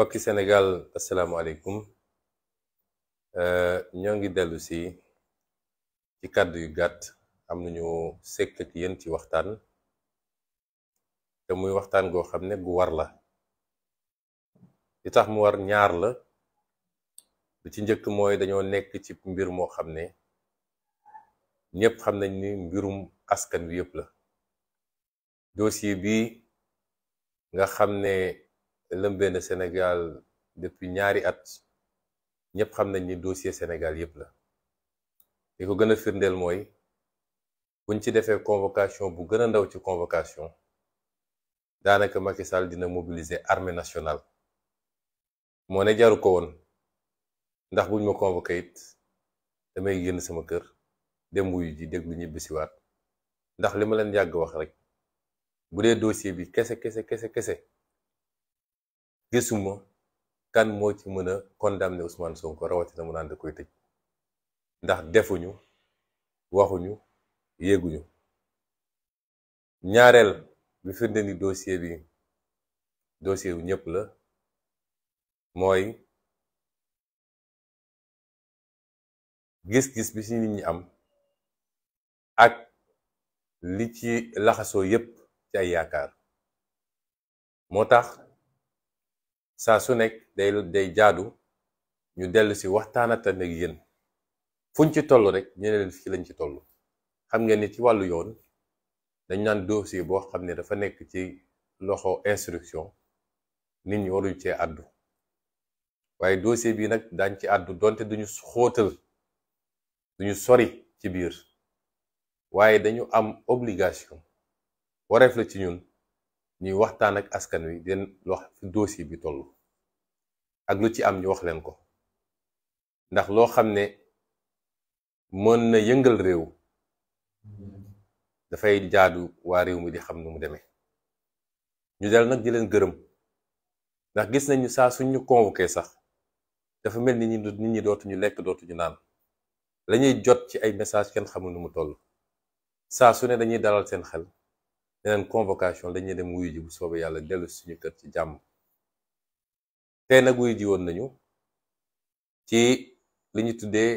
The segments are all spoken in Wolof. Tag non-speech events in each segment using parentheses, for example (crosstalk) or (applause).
mbokki Sénégal asalaamaaleykum euh, ñoo ngi dellusi ci kàddu yu gàtt am nañu sekk ak yéen ci waxtaan te muy waxtaan goo xam ne gu war la li tax mu war ñaar la lu ci njëkk mooy dañoo nekk ci mbir moo xam ne ñépp xam nañ ni mbirum askan wi yëpp la dossier bi nga xam ne lëmbee na Sénégal depuis ñaari at ñëpp xam nañ ni dossier Sénégal yëpp la li ko gën a firndeel mooy buñ ci defee convocation bu gën a ndaw ci convocation daanaka Macky Sall dina mobiliser armée nationale moo ne jaru ko woon ndax buñ ma convoqué damay génn sama kër dem wuyu ji déglu ñibbisiwaat ndax li ma leen yàgg wax rek bu dee dossier bi kese kese kese kese gisuma kan moo ci mën a condamner Ousmane Sonko rawatina mu naan da koy tëj ndax defuñu waxuñu yéeguñu ñaareel bi firnde ni dossier bi dossier ñëpp la mooy gis-gis bi ci nit ñi am ak li ci laxasoo yépp ci ay yaakaar moo tax saa su nekk day day jaadu ñu dellu si waxtaanata ak yéen fuñ ci toll rek ñu ne leen fii lañ ci toll xam ngeen ni ci wàllu yoon dañ naan dossier boo xam ne dafa nekk ci loxo instruction nit ñi waruñ cee àddu waaye dossier bii nag daañ ci àddu donte duñu xootal duñu sori ci biir waaye dañu am obligation wareef la ci ñun ñuy waxtaan ak askan wi den wax fi dossier bi toll ak lu ci am ñu wax leen ko ndax loo xam ne mën na yëngal réew dafay jaadu waa réew mi di xam nu mu demee ñu dal nag di leen gërëm ndax gis nañu saa suñ ñu convoqué sax dafa mel ni nit ñi dootuñu lekk dootuñu naan lañuy jot ci ay message kenn xamul nu mu toll saa su ne dañuy dalal seen xel neneen convocation dañuy dem wuyu ji bu soobee yàlla dellu suñu kër ci jàmm tey nag wuyu ji woon nañu ci li ñu tuddee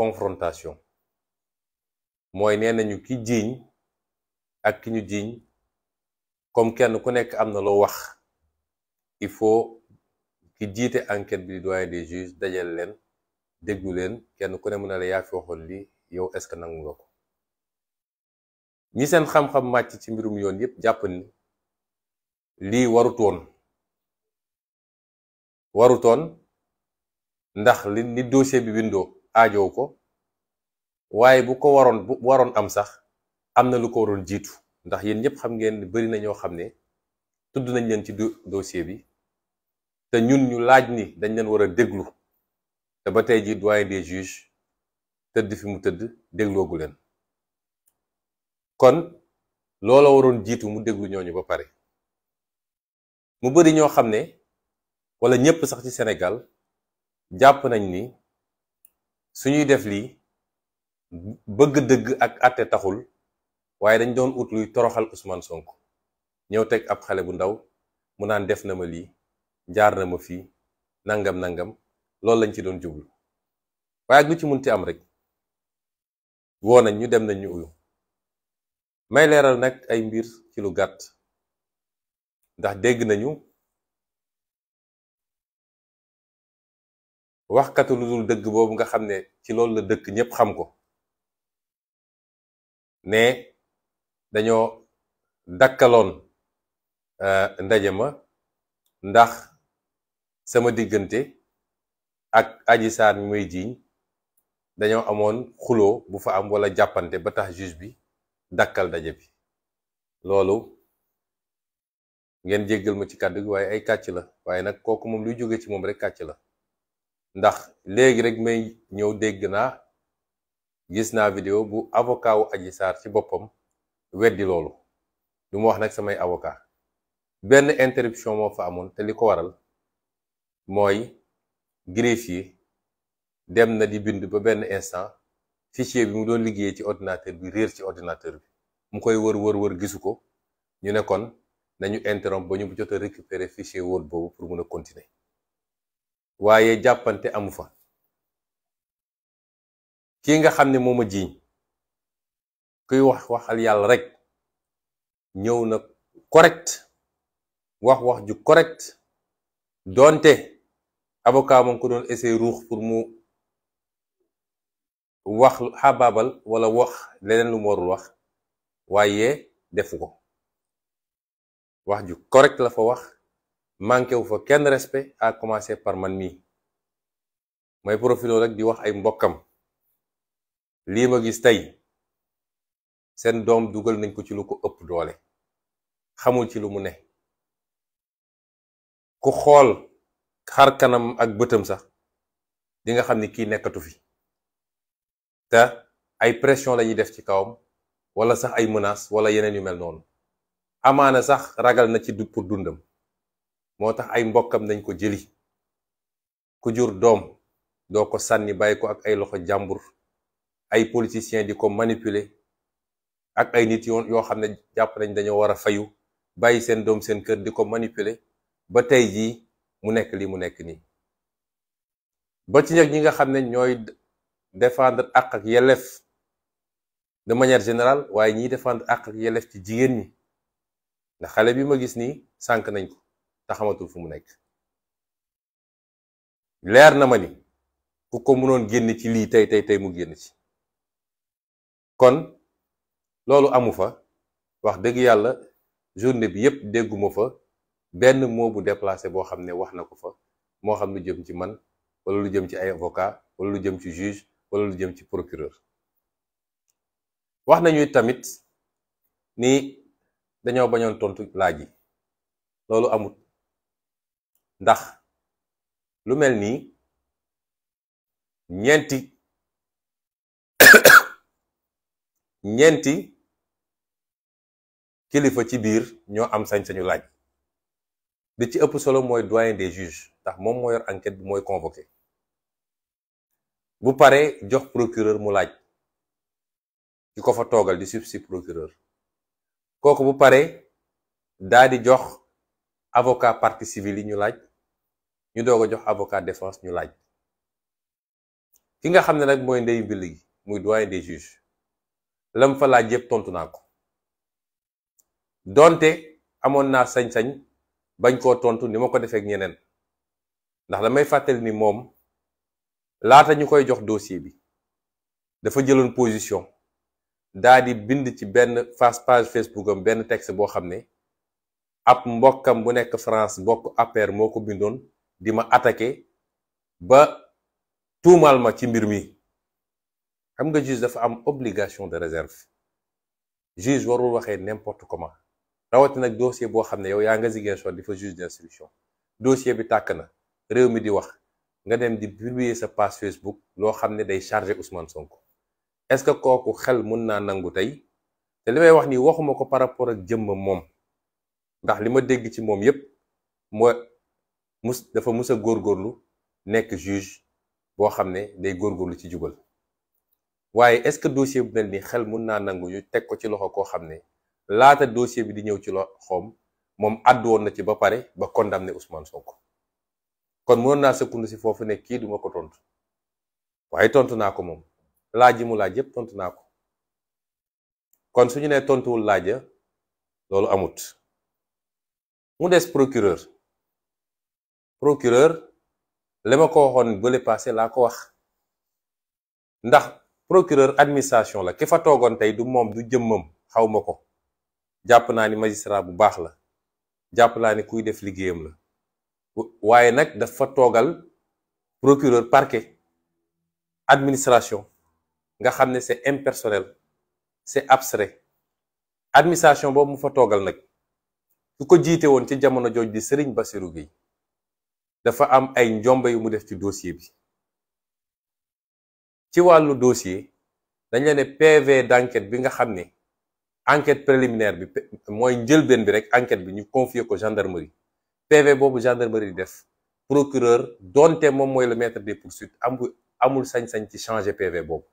confrontation mooy nee nañu ki jiiñ ak ki ñu jiiñ comme kenn ku nekk am na loo wax il faut ki jiite enquête bi di doyen des juges dajale leen déglu leen kenn ku ne mën na la yaa fi waxoon li yow est-ce que nangu nga ko ñi seen xam-xam màcc ci mbirum yoon yépp jàpp ni lii warutoon warutoon ndax li ni dossier bi windoo aajow ko waaye bu ko waroon bu waroon am sax am na lu ko waroon jiitu ndax yéen ñëpp xam ngeen bari na ñoo xam ne tudd nañ leen ci dossier bi te ñun ñu laaj ni dañ leen war a déglu te ba tey jiit doyen des juges tëdd fi mu tëdd dégloogu leen kon loola waroon jiitu mu déglu ñooñu ba pare mu bari ñoo xam ne walla ñépp sax ci senegal jàpp nañ ni suñuy def lii bëgg dëgg ak àtte taxul waaye dañ doon ut luy toroxal Ousmane sonk ñëw teg ab xale bu ndaw mu naan def na ma lii jaar na ma fii nangam nangam loolu lañ ci doon jublu waaye ak lu ci mun ti am rek woo nañ ñu dem nañ ñu uyu may leeral nag ay mbir ci lu gàtt ndax dégg nañu waxkatu lu dëgg boobu nga xam ne ci loolu la dëkk ñépp xam ko ne dañoo dakkaloon euh, ndaje ma ndax sama diggante ak aji saan muy jiiñ dañoo amoon xuloo bu fa am wala jàppante ba tax juge bi dakkal daje bi loolu ngeen jéggal ma ci kàddu gi waaye ay kàcc la waaye nag kooku moom luy jóge ci moom rek kàcc la ndax léegi rek may ñëw dégg naa gis naa vidéo bu avocat wu Adji Sarr ci boppam weddi loolu du ma wax nag samay avocat benn interruption moo fa amoon te li ko waral mooy greffier dem na di bind ba benn instant fichier bi mu doon liggéeyee ci ordinateur bi réer ci ordinateur bi mu koy wër wër wër gisu ko ñu nekkoon nañu interrompre ba ñu jot a récupérer fichier Word boobu pour mun a continuer waaye jàppante amu fa kii nga xam ne moom a jiiñ kuy wax waxal yàlla rek ñëw na correct wax wax ju correct doonte avocat moom ko doon essayer ruux pour mu wax xabaabal wala wax leneen lu mu warul wax waaye defu ko wax ju correct la fa wax manqué wu fa kenn respect à commencer par man mii may profiloo rek di wax ay mbokkam lii ma gis tey seen doom dugal nañ ko ci lu ko ëpp doole xamul ci lu mu ne ku xool xar kanam ak bëtam sax di nga xam ni kii nekkatu fi te ay pression la ñuy def ci kawam wala sax ay menaces wala yeneen yu mel noonu amaana sax ragal na ci pour dundam moo tax ay mbokkam nañ ko jëli ku jur doom doo ko sànni bàyyi ko ak ay loxo jàmbur ay politiciens di ko manipuler ak ay nit yoon yoo xam ne jàpp nañ dañoo war a fayu bàyyi seen doom seen kër di ko manipuler ba tey jii mu nekk li mu nekk nii ba ci ñi nga xam ne ñooy défendre àq ak yelleef de manière générale waaye ñiy défendre àq ak yelleef ci jigéen ñi ndax xale bi ma gis nii sànq nañ ko te xamatul fu mu nekk leer na ma ni ku ko noon génn ci lii tey tey tey mu génn ci kon loolu amu fa wax dëgg yàlla journée bi yépp dégguma fa benn mot bu déplacé boo xam ne wax na ko fa moo xam lu jëm ci man wala lu jëm ci ay avocat wala lu jëm ci juge wala lu jëm ci procureur wax nañu tamit ni dañoo bañoon tontu laaj yi loolu amut ndax lu mel nii ñeenti (coughs) ñeenti kilifa ci biir ñoo am sañ-sañu laaj bi ci ëpp solo mooy doyen des juges ndax moom mooy yor enquête bi mooy convoqué bu paree jox procureur mu laaj ki ko fa toogal di substitut procureur kooku bu pare daa di jox avocat partie civile yi ñu laaj ñu doog a jox avocat défense ñu laaj ki nga xam ne nag mooy ndeyu mbill gi muy doyen des juges lam fa laaj yëpp tontu naa ko donte amoon naa sañ-sañ bañ koo tontu ni ma ko defee ak ñeneen ndax damay fàttali ni moom. laata ñu koy jox dossier bi dafa jëloon position daa di bind ci benn face page Facebook am benn texte boo xam ne ab mbokkam bu nekk France bokk APR moo ko bindoon di ma attaqué ba tuumaal ma ci mbir mi xam nga juge dafa am obligation de réserve juge warul waxee n'importe comment rawati nag dossier boo xam ne yow yaa nga Ziguinchor di fa juge d'instruction dossier bi tàkk na réew mi di wax nga dem di publier sa page Facebook loo xam ne day charger Ousmane Sonko est-ce que kooku xel mun naa nangu tey te li may wax nii waxuma ko par rapport ak jëmm moom ndax li ma dégg ci moom yépp moo mus dafa mus góor góorlu nekk juge boo xam ne day góor góorlu ci jubal waaye est-ce que dossier bu mel nii xel mun naa nangu ñu teg ko ci loxo koo xam ne laata dossier bi di ñëw ci loxoom moom àddu woon na ci ba pare ba condamné Ousmane Sonko. kon mënoon naa sëkkundu si foofu ne kii duma ko tontu waaye tontu naa ko moom laaj yi mu laaj yëpp tontu naa ko kon su ñu nee tontuwul laaja loolu amut mu des procureur procureur li ma ko waxoon bële passé laa ko wax ndax procureur administration la ki fa toogoon tey du moom du jëmmam xaw ma ko jàpp naa ni magistrat bu baax la jàpp naa ni kuy def liggéeyam la waaye nag dafa toogal procureur parquet administration nga xam ne c'est impersonnel c'est abstrait administration boobu mu fa toogal nag su ko jiite woon ci jamono jooj di Serigne Bassirou Gueye dafa am ay njomba yu mu def ci dossier bi ci wàllu dossier dañ la ne PV d'enquête bi nga xam ne enquête préliminaire bi mooy njëlbeen bi rek enquête bi ñu confier ko gendarmerie PV boobu gendarmerie di def procureur donte moom mooy la le maître des am bu amul sañ-sañ ci changer PV boobu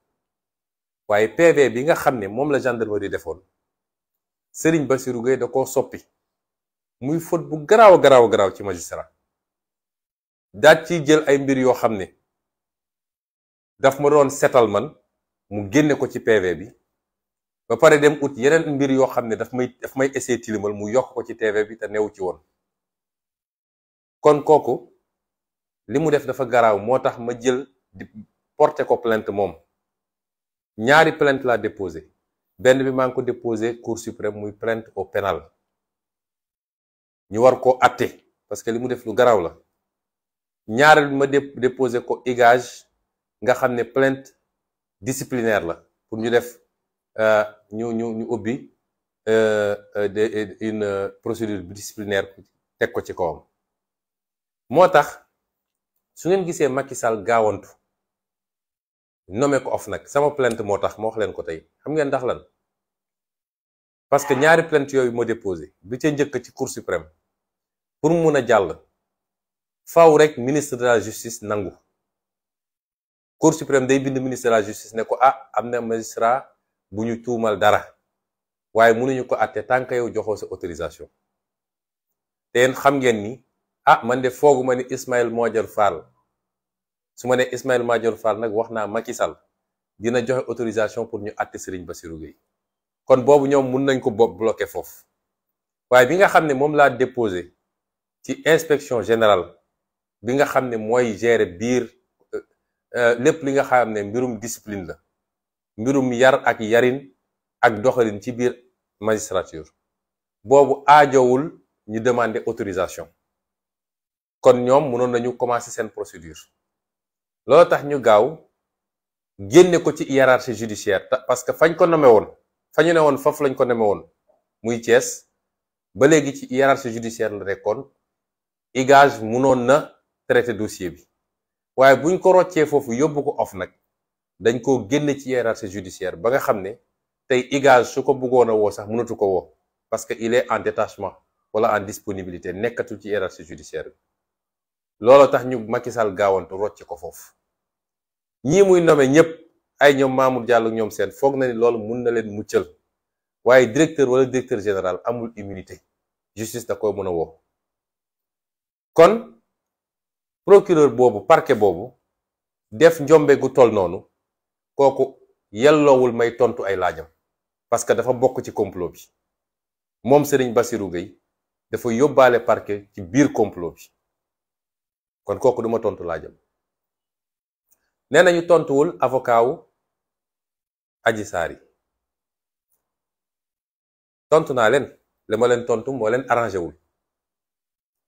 waaye PV bi nga xam ne moom la gendarmerie defoon sëriñ Bassirou Gueye da koo soppi muy faute bu garaaw garaaw garaaw ci magistrat daat ciy jël ay mbir yoo xam ne daf ma doon setal man mu génne ko ci PV bi ba pare dem ut yeneen mbir yoo xam ne daf may daf may essayer tilimal mu yokk ko ci TV bi te newu ci woon kon kooku li mu def dafa garaaw moo tax ma jël di porter ko plainte moom ñaari plainte laa déposé benn bi maa ngi ko déposé cour suprême muy plainte au pénal ñu war ko atte parce que li mu def lu garaw la ñaareel bi ma déposé ko igage nga xam ne plainte disiplinaire la pour ñu def euh, ñu ñu ñu ubbi euh, euh, une procédure disciplinaire teg ko ci kawam moo tax su ngeen gisee Macky Sall gaawantu nommé ko nag sama plainte moo tax ma wax leen ko tey xam ngeen ndax lan parce que ñaari plainte yooyu ma déposé bi ca njëkk ci cour suprême pour mun a jàll faaw rek ministre de la justice nangu cour suprême day bind ministre de la justice ne ko ah am na magistrat bu ñu tuumal dara waaye mënuñu ko àtte tant que yow joxoo sa autorisation te xam ngeen ni. ah man de fooguma ni Ismaïla Madior Fall su ma ne Ismaïla Madior Fall nag wax naa Macky Sall dina joxe autorisation pour ñu àtte ba Bassirou Gueye kon boobu ñoom mun nañ ko bopp bloqué foofu waaye bi nga xam ne moom laa déposé ci inspection général bi nga xam ne mooy gérer biir euh, euh, lépp li nga xam ne mbirum discipline la mbirum yar ak yarin ak doxalin ci biir magistrature boobu aajowul ñu demander autorisation kon ñoom mënoon nañu commencer seen procedure loolu tax ñu gaaw génne ko ci hiérarchie judiciaire parce que fañ ko nome woon fañu ne woon foofu lañ ko nome woon muy Thiès ba léegi ci hiérarchie judiciaire la nekkoon IGAJ munoon na traiter dossier bi waaye buñ ko roccee foofu yóbbu ko of nag dañ koo génne ci hiérarchie judiciaire ba nga xam ne tey IGAJ su ko bëggoon a woo sax mënatu ko woo parce que il est en détachement wala en disponibilité nekkatul ci hiérarchie judiciaire bi looloo tax ñu Macky Sall gaawantu rocc ko foofu ñii muy nome ñëpp ay ñoom Mamour jàll ñoom seen foog na ni loolu mun na leen mu muccal waaye directeur wala directeur général amul immunité justice da koy mën a woo kon procureur boobu parquet boobu def njombe gu toll noonu kooku yelloowul may tontu ay laajam parce que dafa bokk ci complot bi moom Serigne basiru Gueye dafa yóbbaale parquet ci biir complot bi kon kooku duma tontu laajam nee nañu tontuwul avocat aji Adji yi tontu naa leen li ma leen tontu moo leen arrangé wul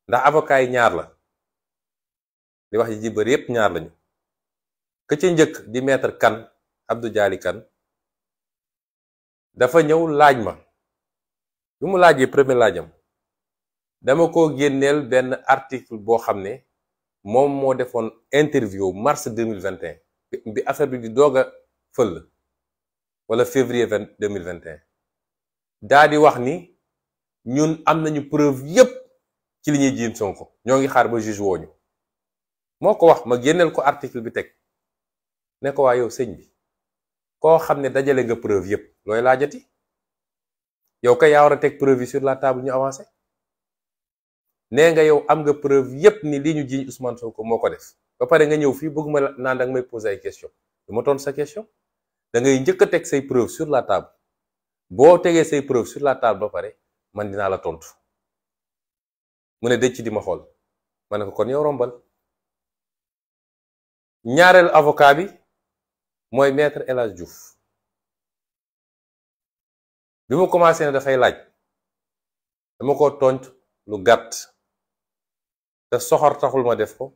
ndax avocat yi ñaar la li wax ji bëri yépp ñaar lañu ke ca njëkk di maître kan abdu Dialy kan dafa ñëw laaj ma bi mu laajee premier laajam dama ko génneel benn article boo xam ne moom moo defoon interview mars deux mille vingt et un bi affaire bi di doog a fël wala février vingt mille vingt et daa di wax ni ñun am nañu preuve yépp ci li ñuy jiim Sonko ñoo ngi xaar ba juge wooñu moo ko wax ma génneel ko article bi teg ne ko waa yow sëñ bi koo xam ne dajale nga preuve yépp looy laajati yow kay yaa war a teg preuve yi sur la table ñu avancé nee nga yow am nga preuve yépp ni li ñu jiiñ soo ko moo ko def ba pare nga ñëw fii bëgg ma naan danga nga may poser ay question du ma tontu sa question da ngay njëkk a teg say preuve sur la table boo tegee say preuve sur la table ba pare man dinaa la tontu mu ne dëcc di ma xool ma ne ko kon yow rombal ñaareelu avocat bi mooy maître El Hadj Diouf bi mu commencé ne dafay laaj dama ko tontu lu gàtt. te soxor taxul ma def ko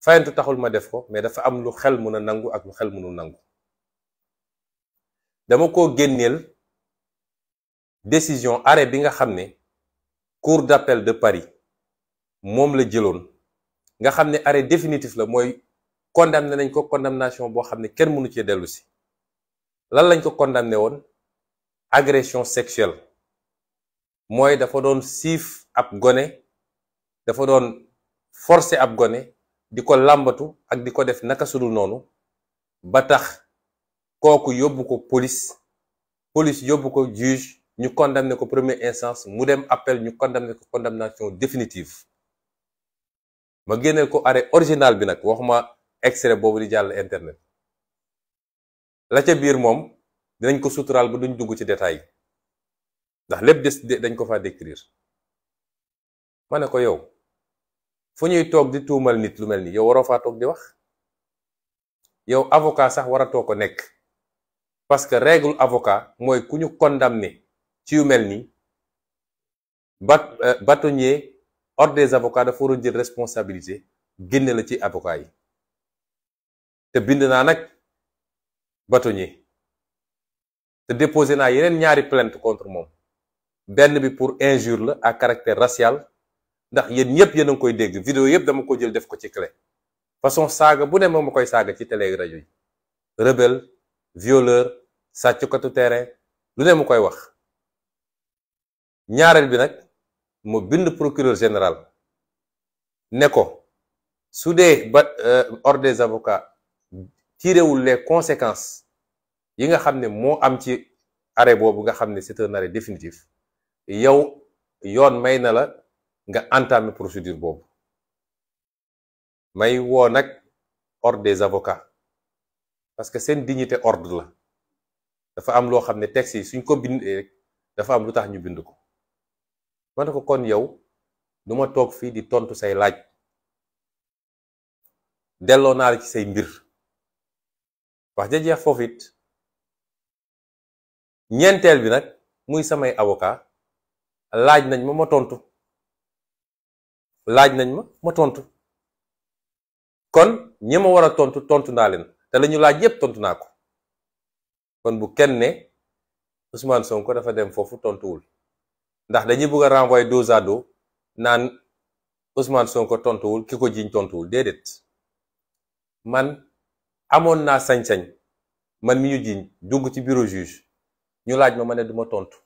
fayant taxul ma def ko mais dafa am lu xel mun a nangu ak lu xel mënu nangu dama ko génneel décision arrêt bi nga xam ne cour d'appel de Paris moom la jëloon nga xam ne arrêt définitif la mooy condamné nañ ko condamnation boo xam ne kenn mënu cee dellusi si lan lañ ko condamné woon agression sexuelle mooy dafa doon siif ab gone dafa doon forcer ab gone di ko làmbatu ak di ko def naka sudul noonu ba tax kooku yóbbu ko police police yóbbu ko juge ñu condamné ko premier instance mu dem appel ñu condamné ko condamnation définitive ma génneel ko arrêt original bi nag waxuma extrait boobu di jàll internet la ca biir moom dinañ ko suturaal ba duñ dugg ci détail ndax lépp des dañ ko faa décrire ma ne ko yow fu ñuy toog di tuumal nit lu mel ni yow waroo faa toog di wax yow avocat sax waratoo ko nekk parce que règle avocat mooy ku ñu condamné ci yu mel nii bat euh, bâtonnier ordre des dafa war jël responsabilité génne la ci avocat yi te bind naa nag bâtonnier te déposé naa yeneen ñaari plainte contre moom benn bi pour injure la à caractère racial ndax yéen ñëpp yéen a ngi koy dégg vidéo yëpp dama ko jël def ko ci clé façon saaga bu ne moom ma koy saaga ci télé rajo yi rebelle violeur sàccukatu terrain lu ne mu koy wax ñaareel bi nag mu bind procureur général ne ko su dee ba euh, ordre des avocats tiirewul les conséquences yi nga xam ne moo am ci arrêt boobu nga xam ne c'est un arrêt définitif yow yoon may na la nga entamé procédure boobu may woo nag ordre des avocats parce que seen dignite ordre la dafa am loo xam ne texte yi suñ ko bindee rek dafa am lu tax ñu bind ko ma ne ko kon yow du ma toog fii di tontu say laaj delloo naa la ci say mbir wax ja jeex foofu it ñeenteel bi nag muy samay avocat laaj nañ ma ma tontu. laaj nañ ma ma tontu kon ñi ma war a tontu tontu naa leen te la laaj yépp tontu naa ko kon bu kenn ne Ousmane Sonko dafa dem foofu tontuwul ndax dañuy bëgg a renvoyer dos à dos naan Ousmane Sonko tontuwul ki ko jiñ tontuwul déedéet man amoon naa sañ-sañ man mi ñu jiñ dugg ci bureau juge ñu laaj ma ma ne duma tontu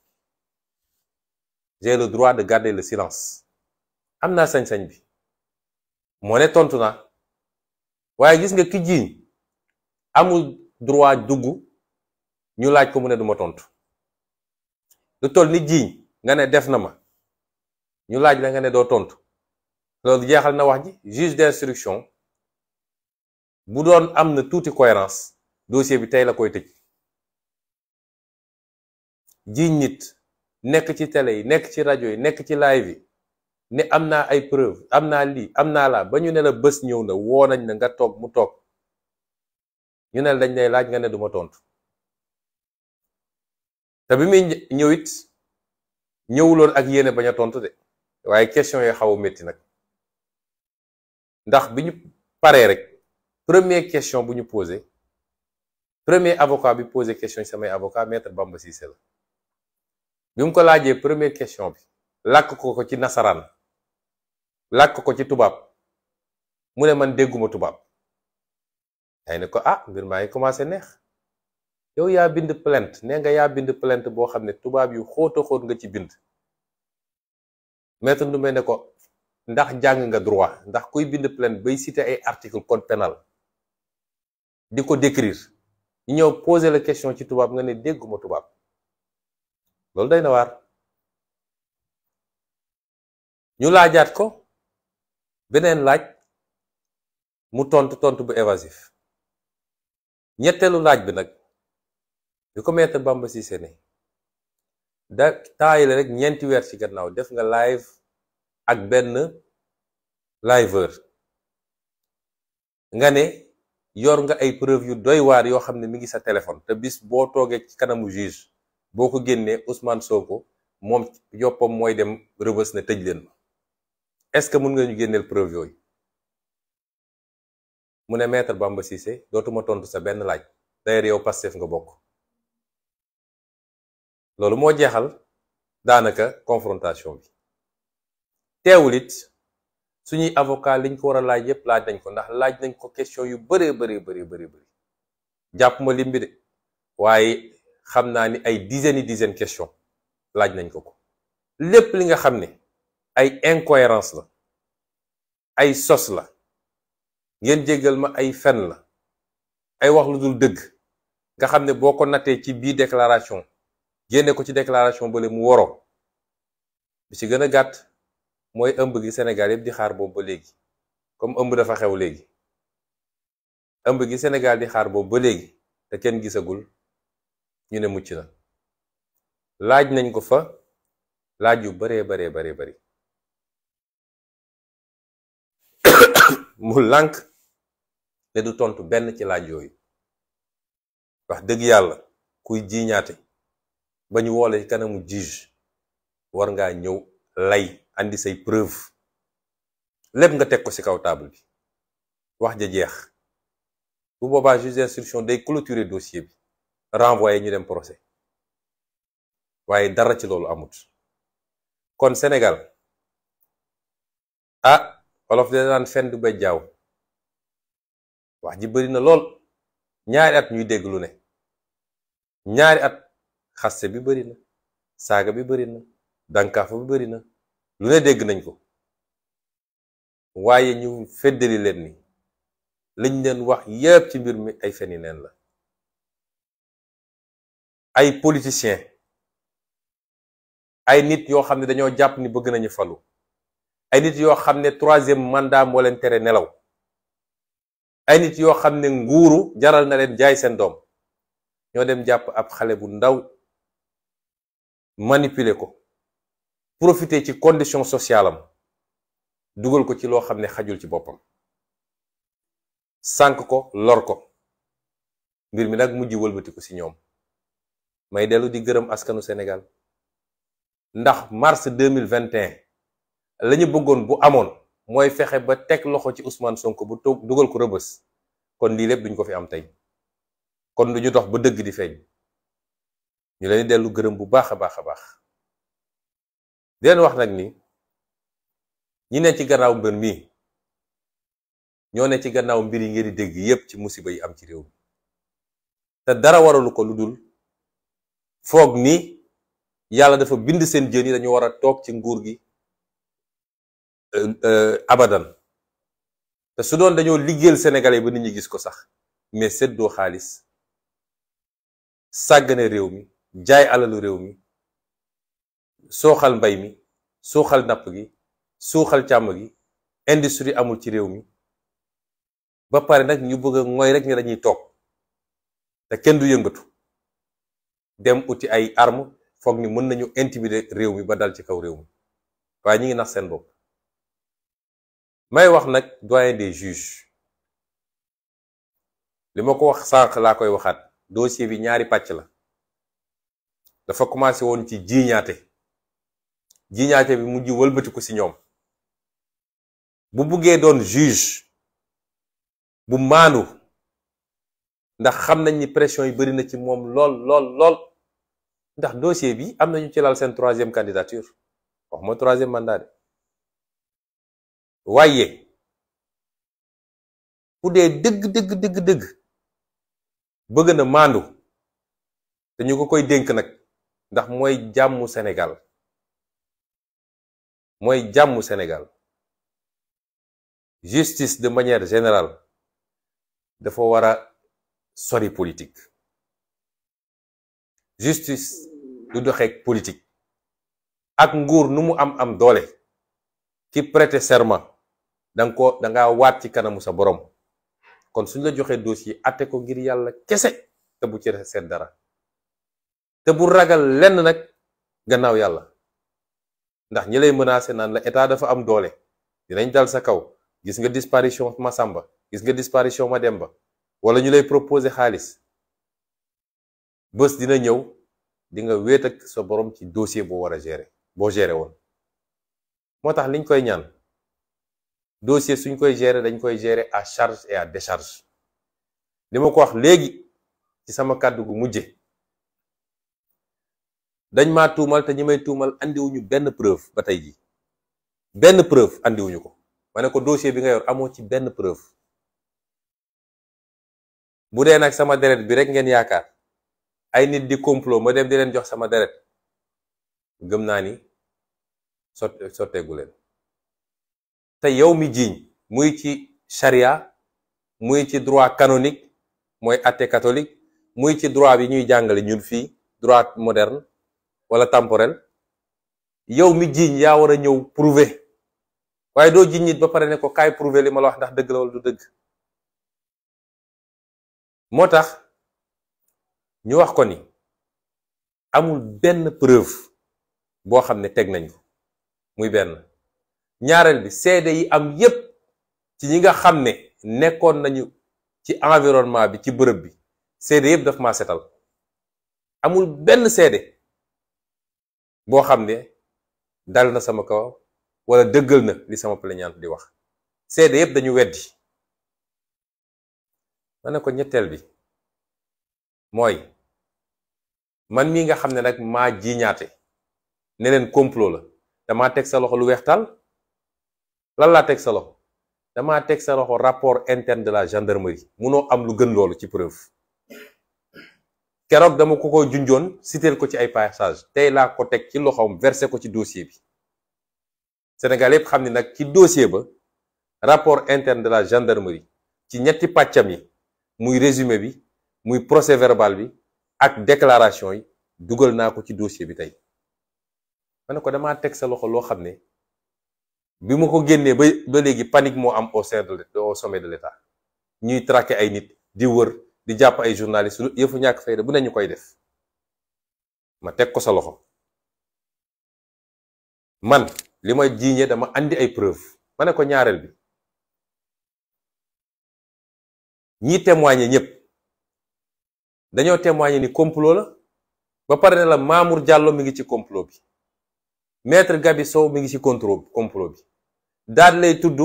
j'ai le droit de garder le silence am naa sañ-sañ bi moo ne tontu na waaye gis nga ki jiiñ amul droit dugg ñu laaj ko mu ne duma tontu lu toll ni jiiñ nga ne def na ma ñu laaj la nga ne doo tontu loolu jeexal na wax ji juge d'instruction bu doon am na tuuti cohérence dossier bi tey la koy tëj jiiñ nit nekk ci tele yi nekk ci rajo yi nekk ci live yi ni am naa ay preuve am naa lii am naa laa ba ñu ne la bés ñëw na woo nañ na nga toog mu toog ñu ne dañ lay laaj nga ne duma tontu te bi muy ñëwit it ñëwuloon ak yéene bañ a tontu de waaye question yi xaw a métti nag ndax bi ñu paree rek premier question bu ñu posé premier avocat bi posé question ci samay avocat maître Bamba Cissé la bi mu ko laajee premier question bi làkk ko ko ci nasaraan làkk ko ci tubaab mu ne man dégguma tubaab day ne ko ah mbir maa ngi commencé neex yow yaa bind plainte nee nga yaa bind plainte boo xam ne tubaab yu xóota xóot nga ci bind maître Ndoumbe ne ko ndax jàng nga droit ndax kuy bind plainte bay cité ay article code pénal di ko décrire ñëw poser la question ci tubaab nga ne dégguma tubaab loolu day na waar ñu laajaat ko beneen laaj mu tontu tontu bu évasif ñetteelu laaj bi nag bi ko maître Bamba Cissé ne da taayile rek ñeenti weer ci gannaaw def nga live ak benn liveur nga ne yor nga ay preuve yu doy waar yoo xam ne mu ngi sa téléphone te bis boo toogee ci kanamu juge boo ko génnee Ousmane Sonko moom yoppam mooy dem rëbës na tëj leen ma est-ce que mun nga ñu génneel preuve yooyu mu ne maître Bamba Cissé dootuma tontu sa benn laaj d'ailleurs yow Pastef nga bokk loolu moo jeexal daanaka confrontation bi teewul it suñuy avocat liñ ko war a laaj yépp laaj nañ ko ndax laaj nañ ko question yu bëree bëree bëree bëri bëri jàpp ma lim de waaye xam naa ni ay dizaine yi dizaine question laaj nañ ko ko lépp li nga xam ne ay incohérence la ay sos la ngeen jéggal ma ay fen la ay wax lu dul dëgg nga xam ne boo ko nattee ci biir déclaration génne ko ci déclaration bële mu woro bi ci gën a gàtt mooy ëmb gi Sénégal yëpp di xaar boobu ba léegi comme ëmb dafa xew léegi ëmb gi senegal di xaar boobu ba léegi te kenn gisagul ñu ne mucc na laaj nañ ko fa laaj yu baree baree baree bari mu lànk te du tontu benn ci laaj yooyu wax dëgg yàlla kuy jiiñaate ba ñu woolee kanamu juge war ngaa ñëw lay indi say preuve lépp nga teg ko ci kaw table bi wax ja jeex bu boobaa juge d'instruction day clôturer dossier bi renvoyé ñu dem procès waaye dara ci loolu amut kon Sénégal ah olof de daan fen du ba jaaw wax ji bëri na lool ñaari at ñuy dégg lu ne ñaari at xaste bi bëri na saaga bi bëri na dankaafa bi bëri na lu ne dégg nañ ko waaye ñu feddali leen ni liñ leen wax yépp ci mbir mi ay feni neen la ay politiciens ay nit yoo xam ne dañoo jàpp ni bëgg nañu falu ay nit yoo xam ne troisième mandat moo leen tere nelaw ay nit yoo xam ne nguuru jaral na leen jaay seen doom ñoo dem jàpp ab xale bu ndaw manipuler ko profiter ci condition sociale am dugal ko ci loo xam ne xajul ci boppam sànk ko lor ko mbir mi nag mujj wëlbatiku ci ñoom may dellu di gërëm askanu Sénégal ndax mars 2021 lañu bëggoon bu amoon mooy fexe ba teg loxo ci usmaan Sonko bu toog dugal ko rëbës kon lii lépp duñ ko fi am tey kon lu ñu dox ba dëgg di feeñ ñu leen dellu gërëm bu baax a baax a baax di leen wax nag ni ñi ne ci gannaaw mbër mi ñoo ne ci gannaaw mbir yi ngeen dégg yépp ci musiba yi am ci réew mi te dara waralu ko lu dul foog ni yàlla dafa bind seen jën yi dañu war a toog ci nguur gi Euh, euh, abadan te su doon dañoo liggéeyal sénégalais ba nit ñu gis ko sax mais seddoo xaalis sàggane réew mi jaay alalu réew mi sooxal mbay mi suuxal napp gi suuxal càmm gi industrie amul ci réew mi ba pare nag ñu bëgg a mooy rek ni dañuy toog te kenn du yëngatu dem uti ay arme foog ni mën nañu intimider réew mi ba dal ci kaw réew mi waaye ñi ngi nax seen bopp may wax nag doyen des juges li ma ko wax sànq laa koy waxaat dossier bi ñaari pàcc la dafa commencé woon ci jiiñaate jiiñaate bi mujj wëlbatiku ci ñoom bu buggee doon juge bu maandu ndax xam nañ ni pression yi bari na ci moom lool lool ndax dossier bi am nañu ci laal seen troisième candidature wax ma troisième mandat de waaye ku dee dëgg dëgg dëgg dëgg bëgg na maandu dañu ko koy dénk nag ndax mooy jàmmu Sénégal mooy jàmmu Sénégal justice de manière générale dafa war a sori politique justice du doxeek politique ak nguur nu mu am am doole ki prêter serment da nga ko da waat ci kanamu sa borom kon suñ la joxee dossier atte ko ngir yàlla kese te bu ci seet dara te bu ragal lenn nag gannaaw yàlla ndax ñi lay menacé naan la état dafa am doole dinañ dal sa kaw gis nga disparition Masamba gis nga disparition ba wala ñu lay proposer xaalis bés dina ñëw di nga wéet ak sa boroom ci dossier boo war a gérer boo gérer woon moo tax liñ koy ñaan. dossier suñ koy geree dañ koy gérer à charge et à décharge li ma ko wax léegi ci sama kàddu gu mujje dañ ma tuumal te ñi may tuumal indiwuñu benn preuve ba tey ji benn preuve andiwuñu ko ma ko dossier bi nga yor amoo ci benn preuve bu dee nag sama deret bi rek ngeen yaakaar ay nit di complot ma dem di leen jox sama deret gëm naa ni sotte sotteegu leen te yow mi jiiñ muy ci charia muy ci droit canonique mooy athée catholique muy ci droit bi ñuy jàngale ñun fii droit moderne wala temporel yow mi jiiñ yaa war a ñëw prouver waaye doo jiiñ nit ba pare ne ko kaay prouver li ma la wax ndax dëgg la wala du dëgg moo tax ñu wax ko ni amul benn preuve boo xam ne teg nañ muy benn ñaareel bi seede yi am yépp ci ñi nga xam ne nekkoon nañu ci environnement bi ci bërëb bi seede yépp daf ma setal amul benn seede boo xam ne dal na sama kaw walla dëggal na li sama plaignante di wax seede yépp dañu weddi ma ne ko ñetteel bi mooy man mii nga xam ne nag maa jiiñaate ne leen complot la damaa teg sa loxo lu weex taal lan laa teg sa loxo damaa teg sa loxo rapport interne de la gendarmerie munoo am lu gën loolu ci preuve keroog dama ko ko junjoon citeel ko ci ay passage tey laa ko teg ci loxoom versé ko ci dossier bi Sénégal yëpp xam ni nag ci dossier ba rapport interne de la gendarmerie ci ñetti pàccam yi muy résumé bi muy procès verbal bi ak déclaration yi dugal naa ko ci dossier bi tey ma ne ko damaa teg sa loxo loo xam ne bi ma ko génnee ba ba léegi panik moo am au sein de au sommet ñuy traqué ay nit di wër di jàpp ay journalistes lu yëfu ñàkk fayda bu ne ñu koy def ma teg ko sa loxo man li ma jiiñee dama indi ay preuve ma ne ko ñaareel bi ñi témoigner ñëpp dañoo témoigner ni complot la ba pare ne la Mamour jàlloo mi ngi ci complot bi maître Gabi Sow mi ngi ci contrôle complot bi daal lay tudd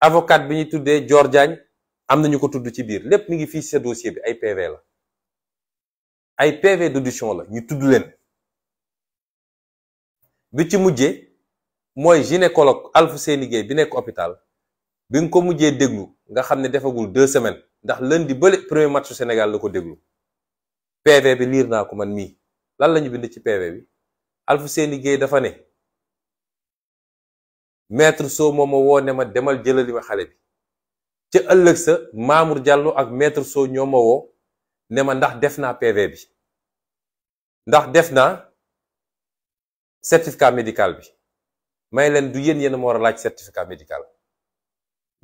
avocat bi ñuy tuddee Dior Diagne am na ñu ko tudd ci biir lépp mi ngi fii sa dossier bi ay PV la ay PV d'audition la ñu tudd leen bi ci mujjee mooy gynécologue Alfousseyni Gueye bi nekk hôpital bi nga ko mujjee déglu nga xam ne defagul deux semaines ndax lundi bële premier match su Sénégal la ko déglu PV bi liir naa ko man mii lan la ñu bind ci PV bi. Alfousseyni Gueye dafa ne maître Sow moom ma woo ne ma demal jëlali ma xale bi ca ëllëg sa Mamour Diallo ak maître Sow ñoo ma woo ne ma ndax def naa PV bi ndax def naa certificat médical bi may leen du yéen yéen ma war a laaj certificat médical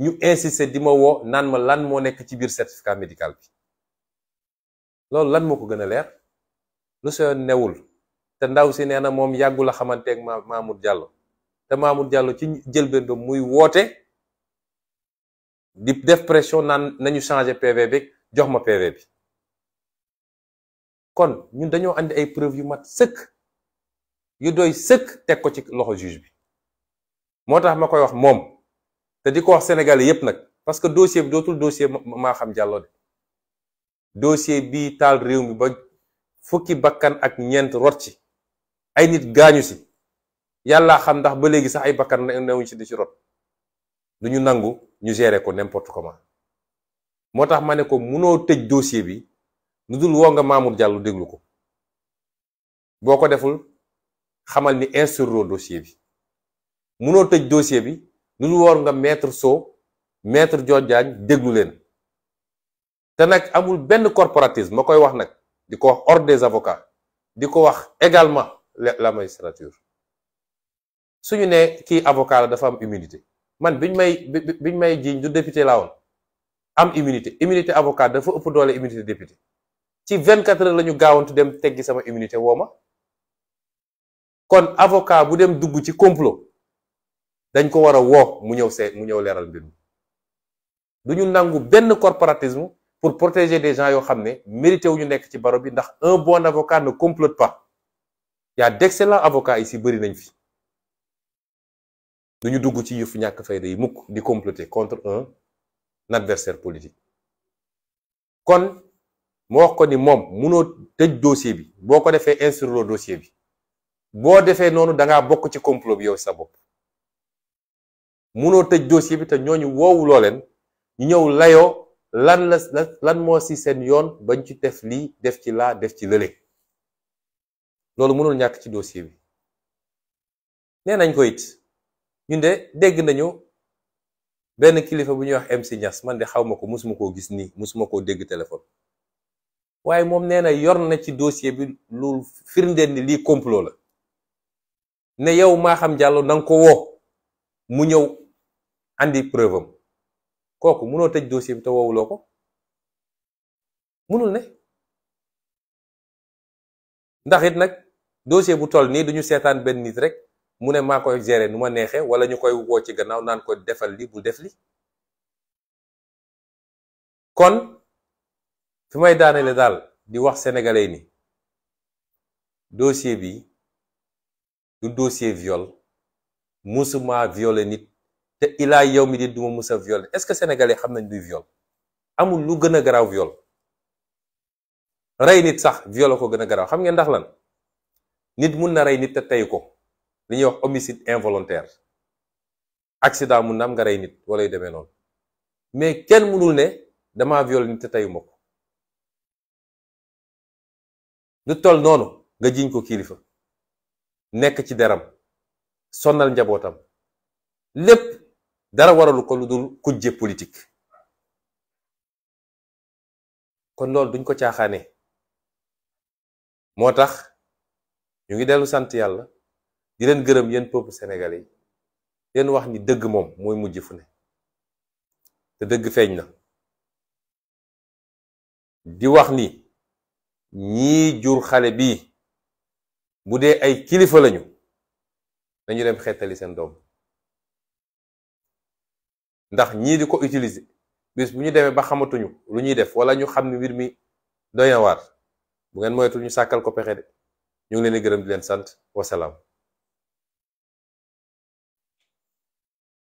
ñu insisté di ma woo naan ma lan moo nekk ci biir certificat médical bi loolu lan moo ko gën a leer lu soo newul te ndaw si nee na moom yàggu la xamanteeg ma Mamour Diallo te Mamour Diallo ci jëlbeen ba muy woote di def pression naan nañu changer PV bi jox ma PV bi kon ñun dañoo àndi ay preuve yu mat sëkk yu doy sëkk teg ko ci loxo juge bi moo tax ma koy wax moom te di ko wax sénégalais yépp nag parce que dossier bi dootul dossier maa xam Diallo de dossier bii taal réew mi ba fukki bakkan ak ñeent rot ci ay nit gaañu si yàlla xam ndax ba léegi sax ay bakkan newuñ si di si rot du ñu nangu ñu gérer ko n'importe comment moo tax ma ne ko munoo tëj dossier bi lu dul woo nga Mamour Diallo déglu ko boo ko deful xamal ni instruire dossier bi munoo tëj dossier bi lu dul woor nga metre Sow metre Dior Diagne déglu leen te nag amul benn corporatisme ma koy wax nag di ko wax ordre des avocats di ko wax également la magistrature suñu ne kii avocat la dafa am immunité man biñ may biñ may jiiñ du député laa woon am immunité immunité avocat dafa ëpp doole immunité député ci vingt quatre heures la ñu gaawantu dem teggi sama immunité wooma kon avocat bu dem dugg ci complot dañ ko war a woo mu ñëw see mu ñëw leeral mbir mi du ñu nangu benn corporatisme pour protéger des gens yoo xam ne mérité wu ñu nekk ci baro bi ndax un bon avocat ne complote pas y a d'excellents yi si bëri nañ fi duñu dugg ci yëfu ñàkk fayda yi mukk di comploter contre un adversaire politique kon moo wax ko ni moom munoo tëj dossier bi boo ko defee instruire dossier bi boo defee noonu danga bokk ci complot bi yow sa bopp munoo tëj dossier bi te ñooñu woowu loo leen ñu ñëw layoo lan la lan moo si seen yoon bañ ci def lii def ci laa def ci lële. loolu mënul ñàkk ci dossier bi nee nañ ko it ñun de dégg nañu benn kilifa bu ñuy wax MC Niass man de xaw ma ko musuma koo gis nii musuma koo dégg téléphone waaye moom nee na yor na ci dossier bi lu firndeel ni lii komplo la ne yow maa xam jàllo na ko woo mu ñëw andi preuve am kooku mënoo tëj dossier bi te woowuloo ko mënul ne ndax nag dossier bu toll nii duñu seetaan benn nit rek mu ne maa koy gérer nu ma neexee wala ñu koy woo ci gannaaw naan ko defal li bu def li kon fi may daanele daal di wax sénégalais ni dossier bi du dossier viol musuma violé nit te ilaa yow mi di duma musa violé est-ce que sénégalais xam nañ duy viol amul lu gën a garaaw viol rey nit sax viol ko gën a garaaw xam ngeen ndax lan nit mun na rey nit te tey ko li ñuy wax homicide involontaire accident mun na nga rey nit wala yu demee noonu mais kenn mënul ne damaa violé nit te teyuma ko lu tol noonu nga jiñ ko kilifa nekk ci deram sonnal njabootam lépp dara waralu ko lu dul kujje politique kon loolu duñ ko caaxaane moo tax ñu ngi dellu sant yàlla di leen gërëm yéen peuple sénégalais yi leen wax ni dëgg moom mooy mujj fu ne te dëgg feeñ na di wax ni ñii jur xale bi bu dee ay kilifa lañu nañu dem xetali seen doom ndax ñii di ko utiliser bis bu ñu demee ba xamatuñu lu ñuy def wala ñu xam ni mbir mi doy na waar bu ngeen moytul ñu sàkkal ko pexe de ñu ngi leen di gërëm di leen sant wasalaam